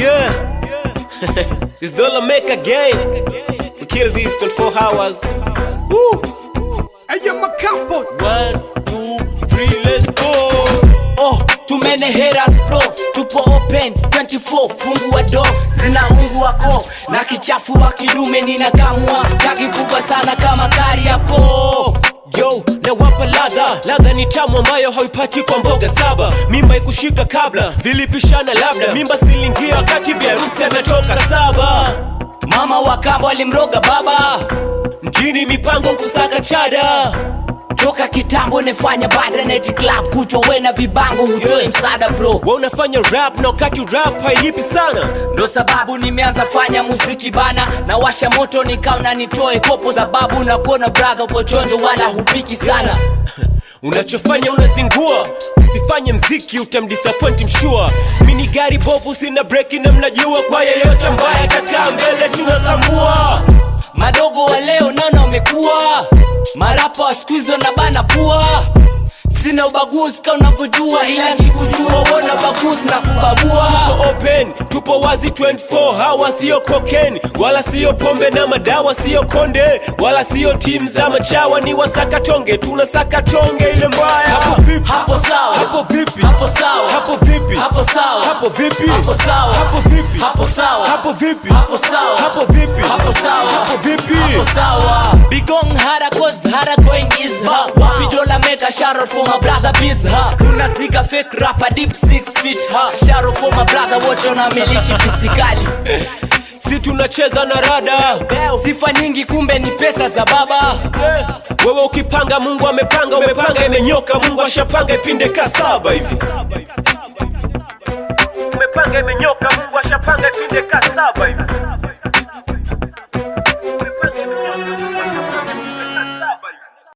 Yeah, this dollar make again. We kill these 24 hours. Woo! I am a capo. One, two, three, let's go. Oh, too many haters, bro. Tupo open 24, fungu wa door. Zina ungu wako na kichafu wa kidume ni ninakamua takiku na ni tamu ambayo haipati kwa mboga saba. Mimba ikushika kabla vilipishana, labda mimba silingia wakati biarusi anatoka saba. Mama wa kambo alimroga baba mjini, mipango kusaka chada toka kitambo nefanya bada neti club kuchwa we na vibango hutoe yeah. bro, we unafanya rap na wakati rap hailipi sana, ndo sababu nimeanza fanya muziki bana, na washa moto nikaona nitoe kopo, sababu na kuona brother upo chonjo wala hupiki sana yeah. unachofanya unazingua usifanye mziki utamdisappoint mshua mini gari bovu sina breki na mnajua kwa yeyote mbaya atakaa mbele tunasambua madogo wa leo nana wamekuwa marapa wa skuizi wanabana pua sina ubaguzi ka unavyojua ila kikujua kukus na kubabua. Tupo open, tupo wazi 24 hawa siyo kokeni wala siyo pombe na madawa, siyo konde wala siyo team za machawa, ni wasaka chonge, tuna saka chonge ile mbaya. Hapo vipi? Hapo sawa. Hapo vipi? Hapo sawa. Hapo vipi? Hapo sawa. Hapo vipi? Hapo sawa. Hapo vipi? Hapo sawa. Hapo vipi? Hapo sawa. Hapo vipi? Hapo sawa. Hapo vipi? Hapo sawa. Bigong hara cause hara going is Kasharo for my brother Biz, ha Kuna zika fake rapper deep six feet ha Kasharo for my brother watch on a miliki fisikali si tunacheza na rada, sifa nyingi, kumbe ni pesa za baba Wewe ukipanga Mungu amepanga, umepanga imenyoka, Mungu ashapanga ipinde ka saba hivi, umepanga imenyoka, Mungu ashapanga ipinde ka saba hivi.